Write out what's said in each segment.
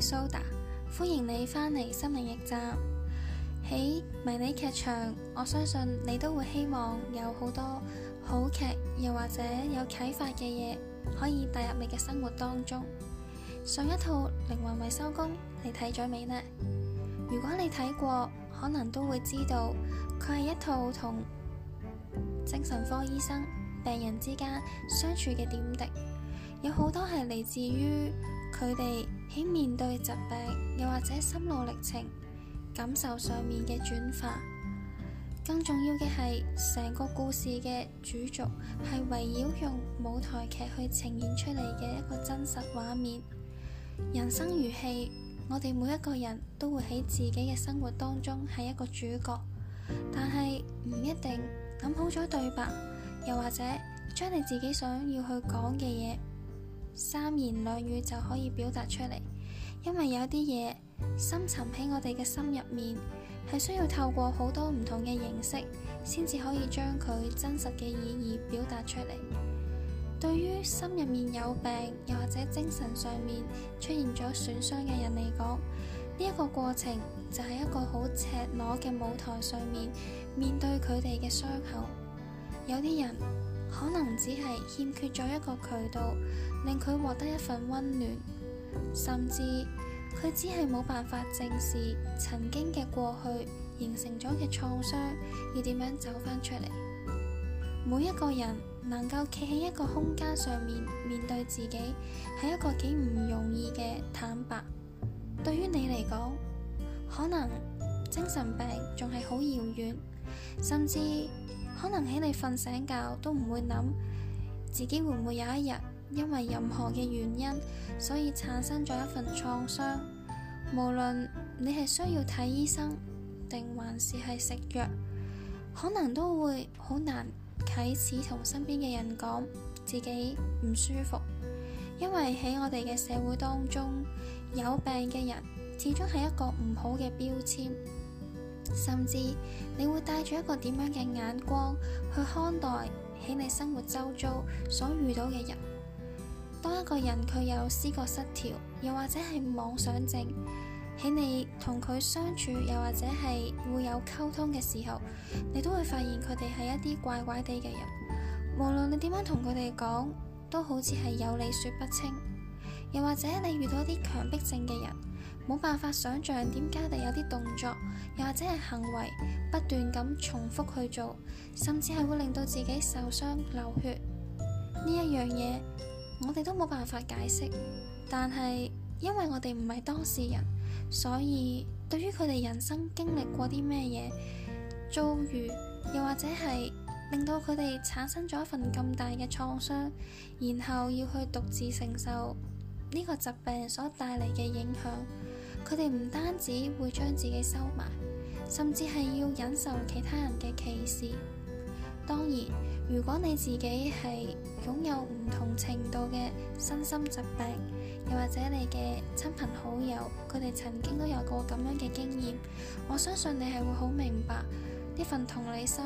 蘇達，歡迎你返嚟心靈驛站喺迷你劇場。我相信你都會希望有好多好劇，又或者有啟發嘅嘢，可以帶入你嘅生活當中。上一套《靈魂維修工》，你睇咗未呢？如果你睇過，可能都會知道佢係一套同精神科醫生、病人之間相處嘅點滴，有好多係嚟自於佢哋。喺面對疾病，又或者心路歷程，感受上面嘅轉化，更重要嘅係成個故事嘅主軸，係圍繞用舞台劇去呈現出嚟嘅一個真實畫面。人生如戲，我哋每一個人都會喺自己嘅生活當中係一個主角，但係唔一定諗好咗對白，又或者將你自己想要去講嘅嘢。三言兩語就可以表達出嚟，因為有啲嘢深沉喺我哋嘅心入面，係需要透過好多唔同嘅形式，先至可以將佢真實嘅意義表達出嚟。對於心入面有病，又或者精神上面出現咗損傷嘅人嚟講，呢一個過程就係一個好赤裸嘅舞台上面面對佢哋嘅傷口，有啲人。可能只係欠缺咗一個渠道，令佢獲得一份温暖，甚至佢只係冇辦法正視曾經嘅過去，形成咗嘅創傷，要點樣走翻出嚟。每一個人能夠企喺一個空間上面面對自己，係一個幾唔容易嘅坦白。對於你嚟講，可能精神病仲係好遙遠，甚至。可能喺你瞓醒覺都唔會諗自己會唔會有一日因為任何嘅原因，所以產生咗一份創傷。無論你係需要睇醫生，定還是係食藥，可能都會好難啟齒同身邊嘅人講自己唔舒服，因為喺我哋嘅社會當中，有病嘅人始終係一個唔好嘅標籤。甚至你會帶住一個點樣嘅眼光去看待喺你生活周遭所遇到嘅人，當一個人佢有思覺失調，又或者係妄想症，喺你同佢相處，又或者係會有溝通嘅時候，你都會發現佢哋係一啲怪怪哋嘅人。無論你點樣同佢哋講，都好似係有理說不清。又或者你遇到一啲強迫症嘅人。冇辦法想象點解佢哋有啲動作，又或者係行為不斷咁重複去做，甚至係會令到自己受傷流血呢一樣嘢，我哋都冇辦法解釋。但係因為我哋唔係當事人，所以對於佢哋人生經歷過啲咩嘢遭遇，又或者係令到佢哋產生咗一份咁大嘅創傷，然後要去獨自承受呢個疾病所帶嚟嘅影響。佢哋唔單止會將自己收埋，甚至係要忍受其他人嘅歧視。當然，如果你自己係擁有唔同程度嘅身心疾病，又或者你嘅親朋好友，佢哋曾經都有過咁樣嘅經驗，我相信你係會好明白，呢份同理心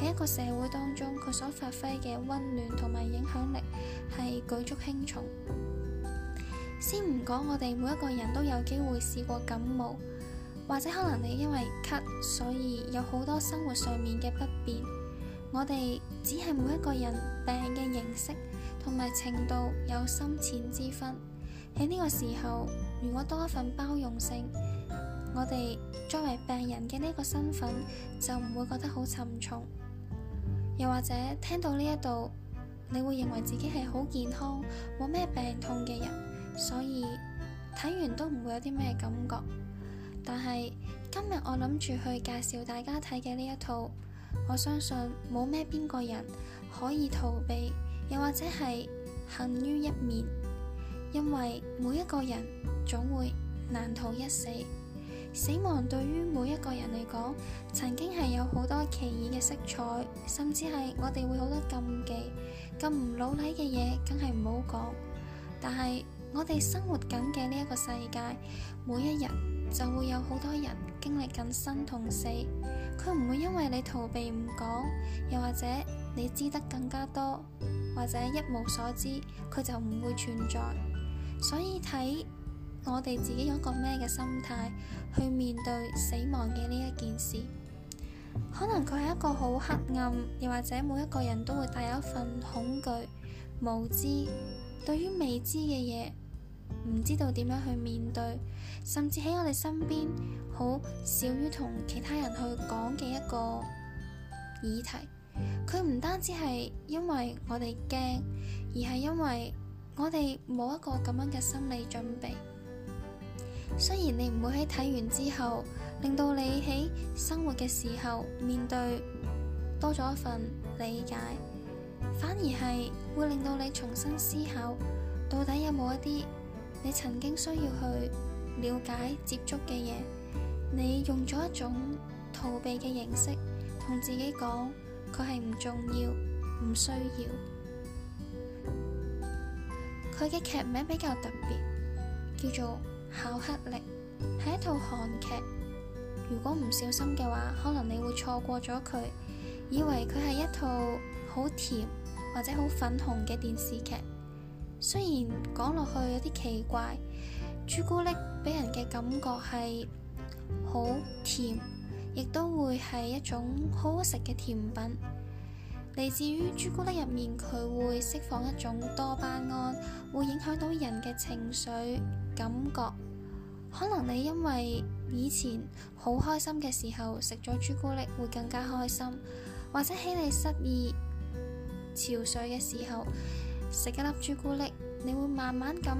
喺一個社會當中，佢所發揮嘅溫暖同埋影響力係舉足輕重。先唔講，我哋每一個人都有機會試過感冒，或者可能你因為咳，所以有好多生活上面嘅不便。我哋只係每一個人病嘅形式同埋程度有深淺之分。喺呢個時候，如果多一份包容性，我哋作為病人嘅呢個身份就唔會覺得好沉重。又或者聽到呢一度，你會認為自己係好健康，冇咩病痛嘅人。所以睇完都唔會有啲咩感覺，但係今日我諗住去介紹大家睇嘅呢一套，我相信冇咩邊個人可以逃避，又或者係幸于一面，因為每一個人總會難逃一死。死亡對於每一個人嚟講，曾經係有好多奇異嘅色彩，甚至係我哋會好多禁忌、咁唔老禮嘅嘢，梗係唔好講，但係。我哋生活緊嘅呢一個世界，每一日就會有好多人經歷緊生同死。佢唔會因為你逃避唔講，又或者你知得更加多，或者一無所知，佢就唔會存在。所以睇我哋自己有一個咩嘅心態去面對死亡嘅呢一件事，可能佢係一個好黑暗，又或者每一個人都會帶有一份恐懼、無知，對於未知嘅嘢。唔知道點樣去面對，甚至喺我哋身邊好少於同其他人去講嘅一個議題，佢唔單止係因為我哋驚，而係因為我哋冇一個咁樣嘅心理準備。雖然你唔會喺睇完之後令到你喺生活嘅時候面對多咗一份理解，反而係會令到你重新思考到底有冇一啲。你曾經需要去了解接觸嘅嘢，你用咗一種逃避嘅形式同自己講佢係唔重要、唔需要。佢嘅劇名比較特別，叫做《巧克力》，係一套韓劇。如果唔小心嘅話，可能你會錯過咗佢，以為佢係一套好甜或者好粉紅嘅電視劇。雖然講落去有啲奇怪，朱古力俾人嘅感覺係好甜，亦都會係一種好好食嘅甜品。嚟自於朱古力入面，佢會釋放一種多巴胺，會影響到人嘅情緒感覺。可能你因為以前好開心嘅時候食咗朱古力，會更加開心；或者喺你失意憔悴嘅時候。食一粒朱古力，你會慢慢咁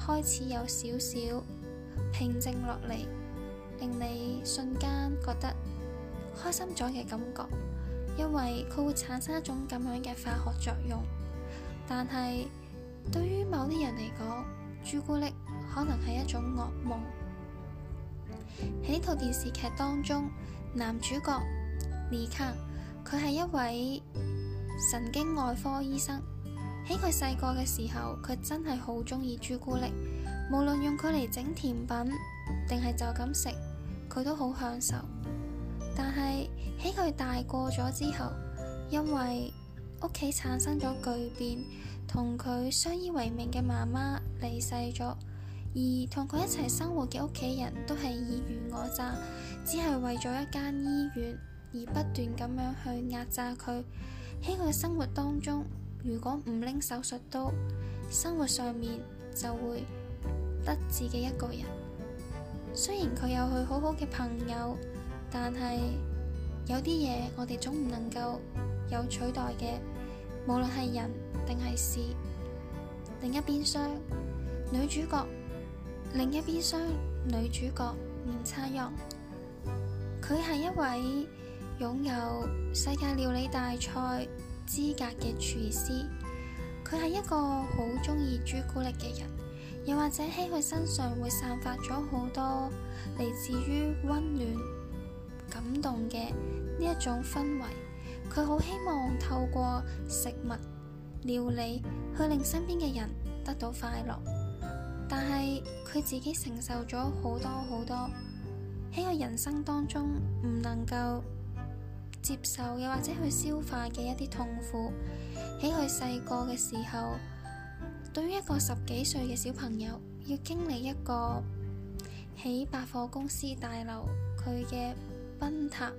開始有少少平靜落嚟，令你瞬間覺得開心咗嘅感覺，因為佢會產生一種咁樣嘅化學作用。但係對於某啲人嚟講，朱古力可能係一種噩夢。喺呢套電視劇當中，男主角尼克，佢係一位神經外科醫生。喺佢細個嘅時候，佢真係好中意朱古力，無論用佢嚟整甜品，定係就咁食，佢都好享受。但係喺佢大個咗之後，因為屋企產生咗巨變，同佢相依為命嘅媽媽離世咗，而同佢一齊生活嘅屋企人都係爾虞我詐，只係為咗一間醫院而不斷咁樣去壓榨佢。喺佢嘅生活當中。如果唔拎手術刀，生活上面就會得自己一個人。雖然佢有佢好好嘅朋友，但係有啲嘢我哋總唔能夠有取代嘅，無論係人定係事。另一邊廂女主角，另一邊廂女主角面擦肉，佢係一位擁有世界料理大賽。資格嘅廚師，佢係一個好鍾意朱古力嘅人，又或者喺佢身上會散發咗好多嚟自於溫暖、感動嘅呢一種氛圍。佢好希望透過食物、料理去令身邊嘅人得到快樂，但係佢自己承受咗好多好多喺佢人生當中唔能夠。接受又或者去消化嘅一啲痛苦，喺佢細個嘅時候，對於一個十幾歲嘅小朋友，要經歷一個喺百貨公司大樓佢嘅崩塌，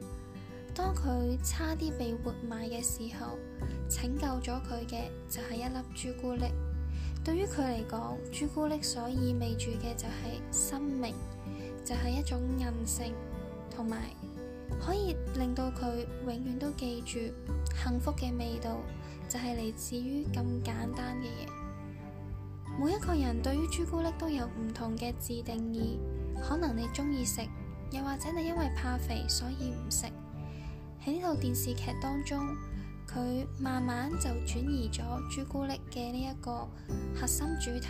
當佢差啲被活埋嘅時候，拯救咗佢嘅就係一粒朱古力。對於佢嚟講，朱古力所意味住嘅就係生命，就係一種韌性同埋。可以令到佢永遠都記住幸福嘅味道，就係嚟自於咁簡單嘅嘢。每一個人對於朱古力都有唔同嘅自定義，可能你中意食，又或者你因為怕肥所以唔食。喺呢套電視劇當中，佢慢慢就轉移咗朱古力嘅呢一個核心主題，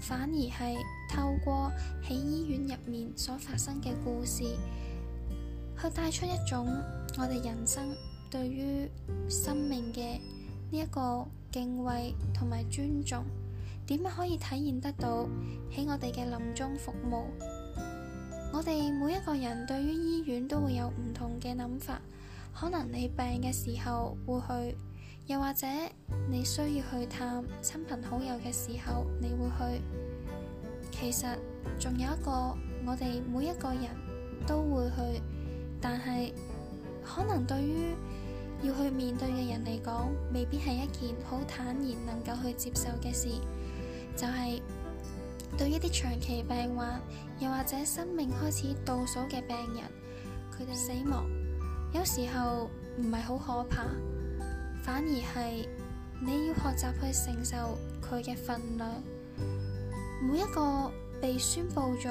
反而係透過喺醫院入面所發生嘅故事。去帶出一種我哋人生對於生命嘅呢一個敬畏同埋尊重，點樣可以體現得到喺我哋嘅臨終服務？我哋每一個人對於醫院都會有唔同嘅諗法，可能你病嘅時候會去，又或者你需要去探親朋好友嘅時候，你會去。其實仲有一個，我哋每一個人都會去。但係可能對於要去面對嘅人嚟講，未必係一件好坦然能夠去接受嘅事。就係、是、對於啲長期病患，又或者生命開始倒數嘅病人，佢哋死亡，有時候唔係好可怕，反而係你要學習去承受佢嘅份量。每一個被宣佈咗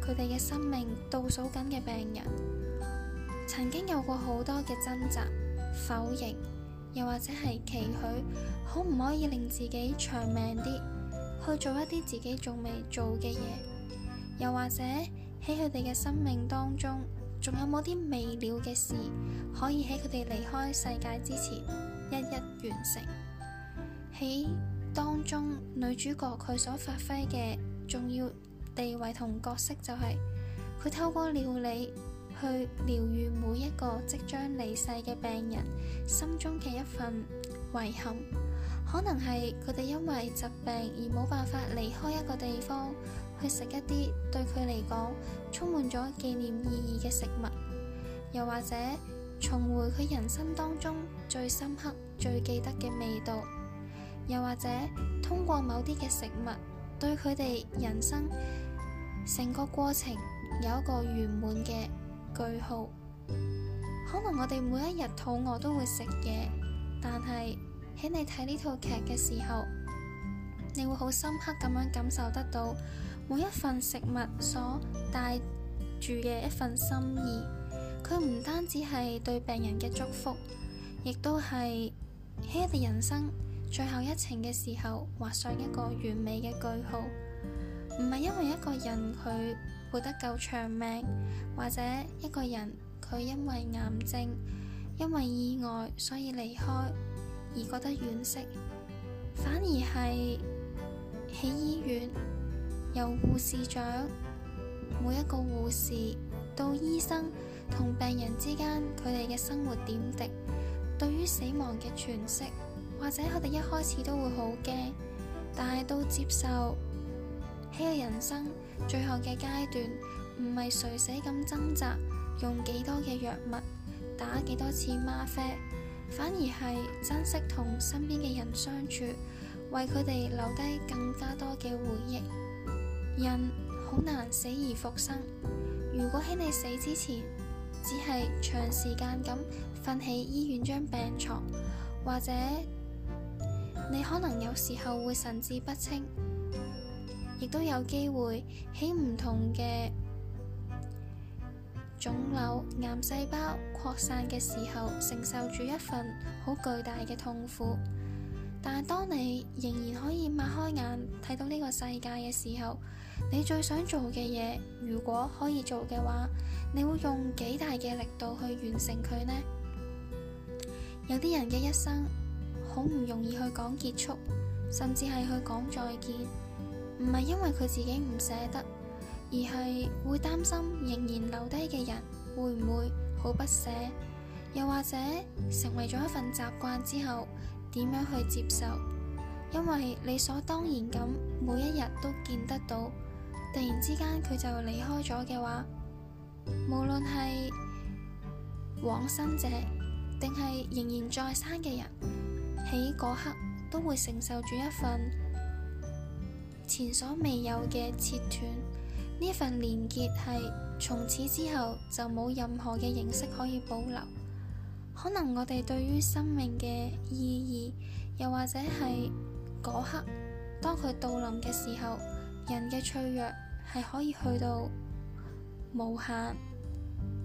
佢哋嘅生命倒數緊嘅病人。曾經有過好多嘅掙扎、否認，又或者係期許，可唔可以令自己長命啲，去做一啲自己仲未做嘅嘢？又或者喺佢哋嘅生命當中，仲有冇啲未了嘅事，可以喺佢哋離開世界之前，一一完成？喺當中，女主角佢所發揮嘅重要地位同角色就係、是、佢透過料理。去療癒每一個即將離世嘅病人心中嘅一份遺憾，可能係佢哋因為疾病而冇辦法離開一個地方去食一啲對佢嚟講充滿咗紀念意義嘅食物，又或者重回佢人生當中最深刻、最記得嘅味道，又或者通過某啲嘅食物對佢哋人生成個過程有一個圓滿嘅。句號，可能我哋每一日肚餓都會食嘢，但係喺你睇呢套劇嘅時候，你會好深刻咁樣感受得到每一份食物所帶住嘅一份心意。佢唔單止係對病人嘅祝福，亦都係喺你人生最後一程嘅時候，畫上一個完美嘅句號。唔係因為一個人佢。活得夠長命，或者一個人佢因為癌症、因為意外所以離開而覺得惋惜，反而係喺醫院由護士長每一個護士到醫生同病人之間佢哋嘅生活點滴，對於死亡嘅詮釋，或者佢哋一開始都會好驚，但係都接受。喺個人生最後嘅階段，唔係垂死咁掙扎，用幾多嘅藥物打幾多次嗎啡，反而係珍惜同身邊嘅人相處，為佢哋留低更加多嘅回憶。人好難死而復生，如果喺你死之前，只係長時間咁瞓喺醫院張病床，或者你可能有時候會神志不清。亦都有機會喺唔同嘅腫瘤癌細胞擴散嘅時候，承受住一份好巨大嘅痛苦。但係，當你仍然可以擘開眼睇到呢個世界嘅時候，你最想做嘅嘢，如果可以做嘅話，你會用幾大嘅力度去完成佢呢？有啲人嘅一生好唔容易去講結束，甚至係去講再見。唔係因為佢自己唔捨得，而係會擔心仍然留低嘅人會唔會好不捨，又或者成為咗一份習慣之後點樣去接受？因為理所當然咁每一日都見得到，突然之間佢就離開咗嘅話，無論係往生者定係仍然在生嘅人，喺嗰刻都會承受住一份。前所未有嘅切斷呢份連結，係從此之後就冇任何嘅形式可以保留。可能我哋對於生命嘅意義，又或者係嗰刻當佢到臨嘅時候，人嘅脆弱係可以去到無限。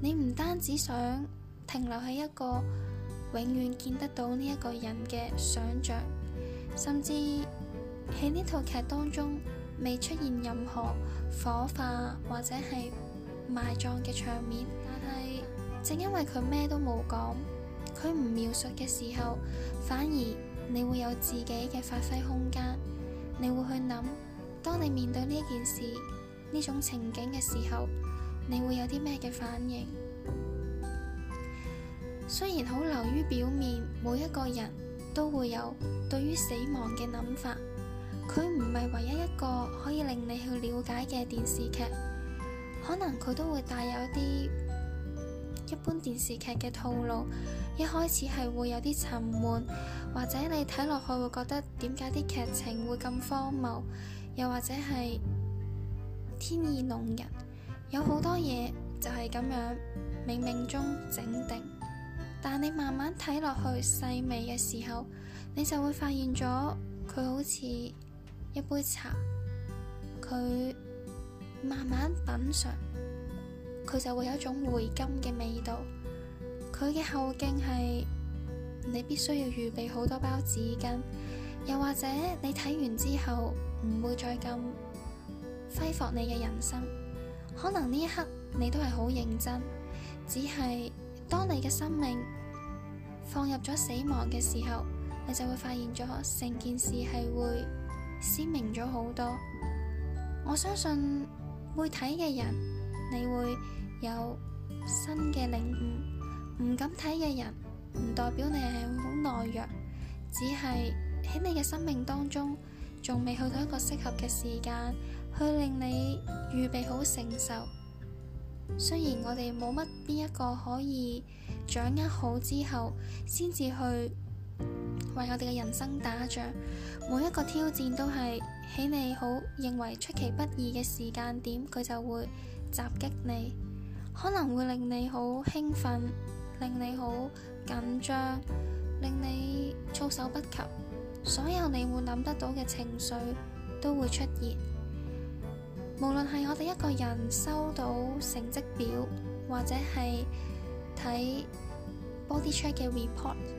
你唔單止想停留喺一個永遠見得到呢一個人嘅想象，甚至。喺呢套劇當中，未出現任何火化或者係埋葬嘅場面。但係正因為佢咩都冇講，佢唔描述嘅時候，反而你會有自己嘅發揮空間。你會去諗，當你面對呢件事呢種情景嘅時候，你會有啲咩嘅反應？雖然好流於表面，每一個人都會有對於死亡嘅諗法。佢唔係唯一一個可以令你去了解嘅電視劇，可能佢都會帶有一啲一般電視劇嘅套路。一開始係會有啲沉悶，或者你睇落去會覺得點解啲劇情會咁荒謬，又或者係天意弄人，有好多嘢就係咁樣冥冥中整定。但你慢慢睇落去細微嘅時候，你就會發現咗佢好似。一杯茶，佢慢慢品嘗，佢就會有一種回甘嘅味道。佢嘅後勁係你必須要預備好多包紙巾，又或者你睇完之後唔會再咁揮霍你嘅人生。可能呢一刻你都係好認真，只係當你嘅生命放入咗死亡嘅時候，你就會發現咗成件事係會。鮮明咗好多，我相信會睇嘅人，你會有新嘅領悟；唔敢睇嘅人，唔代表你係好懦弱，只係喺你嘅生命當中，仲未去到一個適合嘅時間，去令你預備好承受。雖然我哋冇乜邊一個可以掌握好之後，先至去，為我哋嘅人生打仗，每一個挑戰都係喺你好認為出其不意嘅時間點，佢就會襲擊你，可能會令你好興奮，令你好緊張，令你措手不及。所有你會諗得到嘅情緒都會出現。無論係我哋一個人收到成績表，或者係睇 Body Check 嘅 Report。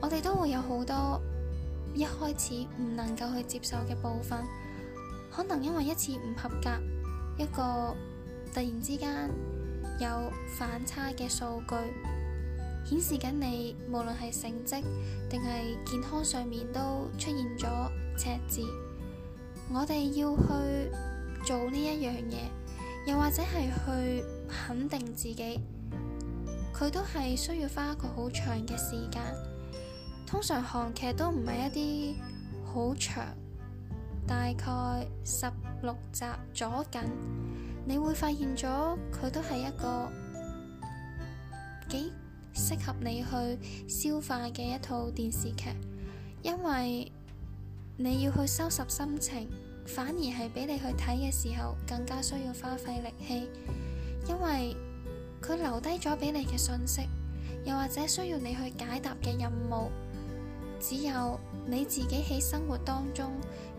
我哋都會有好多一開始唔能夠去接受嘅部分，可能因為一次唔合格，一個突然之間有反差嘅數據顯示緊你，無論係成績定係健康上面都出現咗赤字。我哋要去做呢一樣嘢，又或者係去肯定自己，佢都係需要花一個好長嘅時間。通常韓劇都唔係一啲好長，大概十六集左右。你會發現咗佢都係一個幾適合你去消化嘅一套電視劇，因為你要去收拾心情，反而係比你去睇嘅時候更加需要花費力氣，因為佢留低咗俾你嘅信息，又或者需要你去解答嘅任務。只有你自己喺生活當中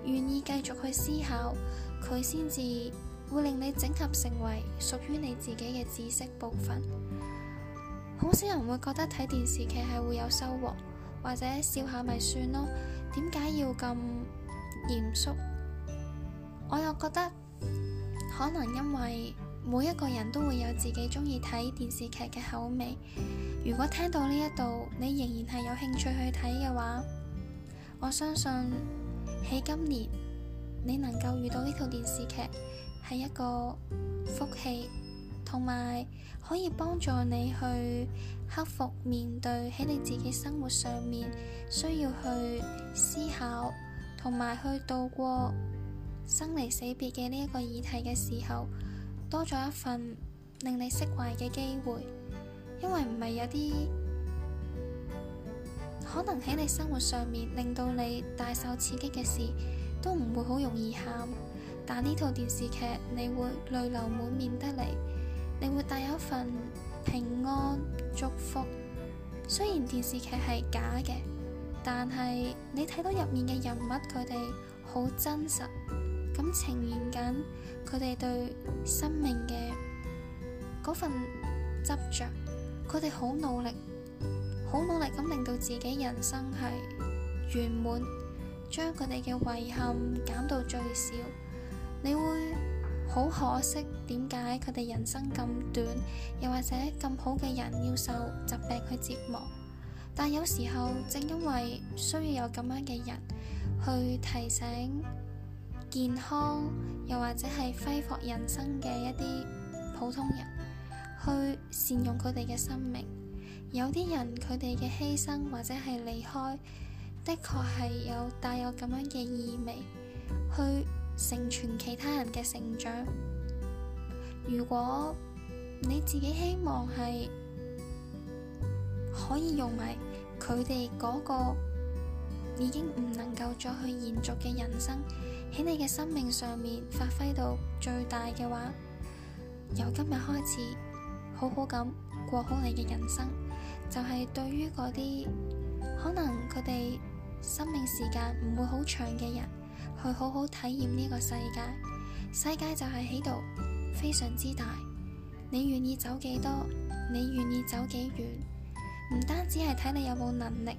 願意繼續去思考，佢先至會令你整合成為屬於你自己嘅知識部分。好少人會覺得睇電視劇係會有收穫，或者笑下咪算咯。點解要咁嚴肅？我又覺得，可能因為每一個人都會有自己中意睇電視劇嘅口味。如果聽到呢一度，你仍然係有興趣去睇嘅話，我相信喺今年你能夠遇到呢套電視劇係一個福氣，同埋可以幫助你去克服面對喺你自己生活上面需要去思考同埋去度過生離死別嘅呢一個議題嘅時候，多咗一份令你釋懷嘅機會。因為唔係有啲可能喺你生活上面令到你大受刺激嘅事，都唔會好容易喊。但呢套電視劇你會淚流滿面得嚟，你會帶有一份平安祝福。雖然電視劇係假嘅，但係你睇到入面嘅人物佢哋好真實，咁呈現緊佢哋對生命嘅嗰份執着。佢哋好努力，好努力咁令到自己人生係圓滿，將佢哋嘅遺憾減到最少。你會好可惜，點解佢哋人生咁短？又或者咁好嘅人要受疾病去折磨？但有時候正因為需要有咁樣嘅人去提醒健康，又或者係揮霍人生嘅一啲普通人。善用佢哋嘅生命，有啲人佢哋嘅犧牲或者係離開，的確係有帶有咁樣嘅意味，去成全其他人嘅成長。如果你自己希望係可以用埋佢哋嗰個已經唔能夠再去延續嘅人生，喺你嘅生命上面發揮到最大嘅話，由今日開始。好好咁過好你嘅人生，就係對於嗰啲可能佢哋生命時間唔會好長嘅人，去好好體驗呢個世界。世界就係喺度，非常之大。你願意走幾多，你願意走幾遠，唔單止係睇你有冇能力，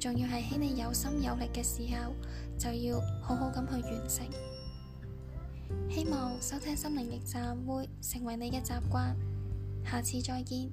仲要係喺你有心有力嘅時候，就要好好咁去完成。希望收聽心靈驛站會成為你嘅習慣。下次再見。